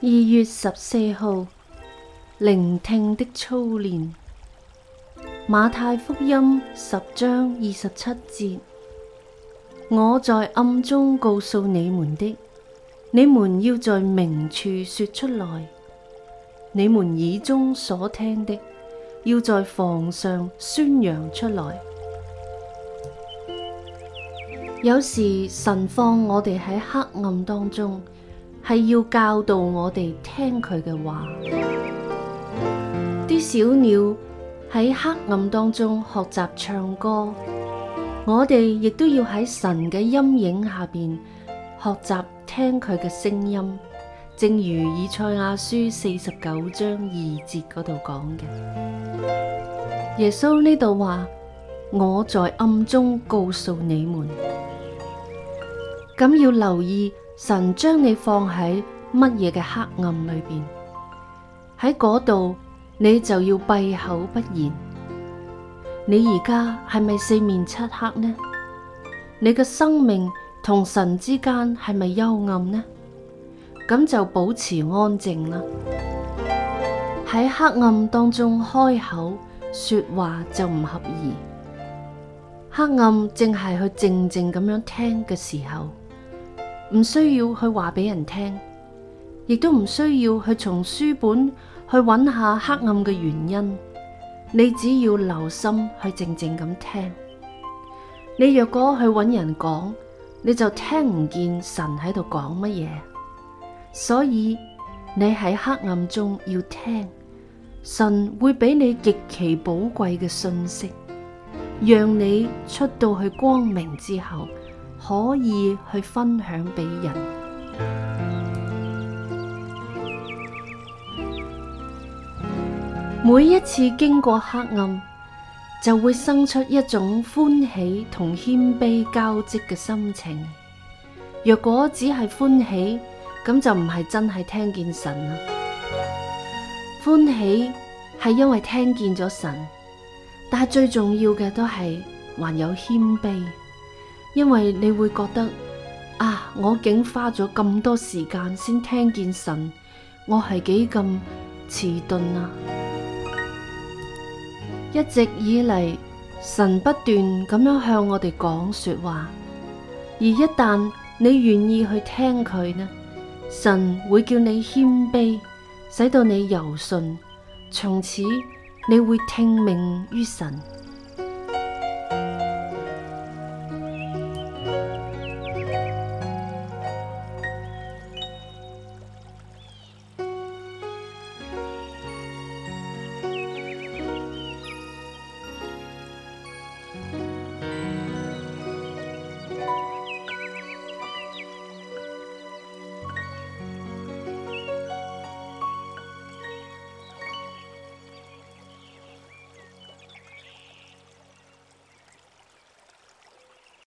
二月十四號，聆聽的操練，馬太福音十章二十七節，我在暗中告訴你們的，你們要在明處說出來，你們耳中所聽的，要在房上宣揚出來。 有時神放我哋喺黑暗當中。係要教導我哋聽佢嘅話，啲小鳥喺黑暗當中學習唱歌，我哋亦都要喺神嘅陰影下邊學習聽佢嘅聲音。正如以賽亞書四十九章二節嗰度講嘅，耶穌呢度話：我在暗中告訴你們，咁要留意。神將你放喺乜嘢嘅黑暗裏邊，喺嗰度你就要閉口不言。你而家係咪四面漆黑呢？你嘅生命同神之間係咪幽暗呢？咁就保持安靜啦。喺黑暗當中開口說話就唔合宜。黑暗正係去靜靜咁樣聽嘅時候。唔需要去話俾人聽，亦都唔需要去從書本去揾下黑暗嘅原因。你只要留心去靜靜咁聽。你若果去揾人講，你就聽唔見神喺度講乜嘢。所以你喺黑暗中要聽，神會俾你極其寶貴嘅訊息，讓你出到去光明之後。可以去分享俾人。每一次經過黑暗，就會生出一種歡喜同謙卑交織嘅心情。若果只係歡喜，咁就唔係真係聽見神啦！歡喜係因為聽見咗神，但係最重要嘅都係還有謙卑。因為你會覺得啊，我竟花咗咁多時間先聽見神，我係幾咁遲鈍啊！一直以嚟，神不斷咁樣向我哋講說話，而一旦你願意去聽佢呢，神會叫你謙卑，使到你柔順，從此你會聽命於神。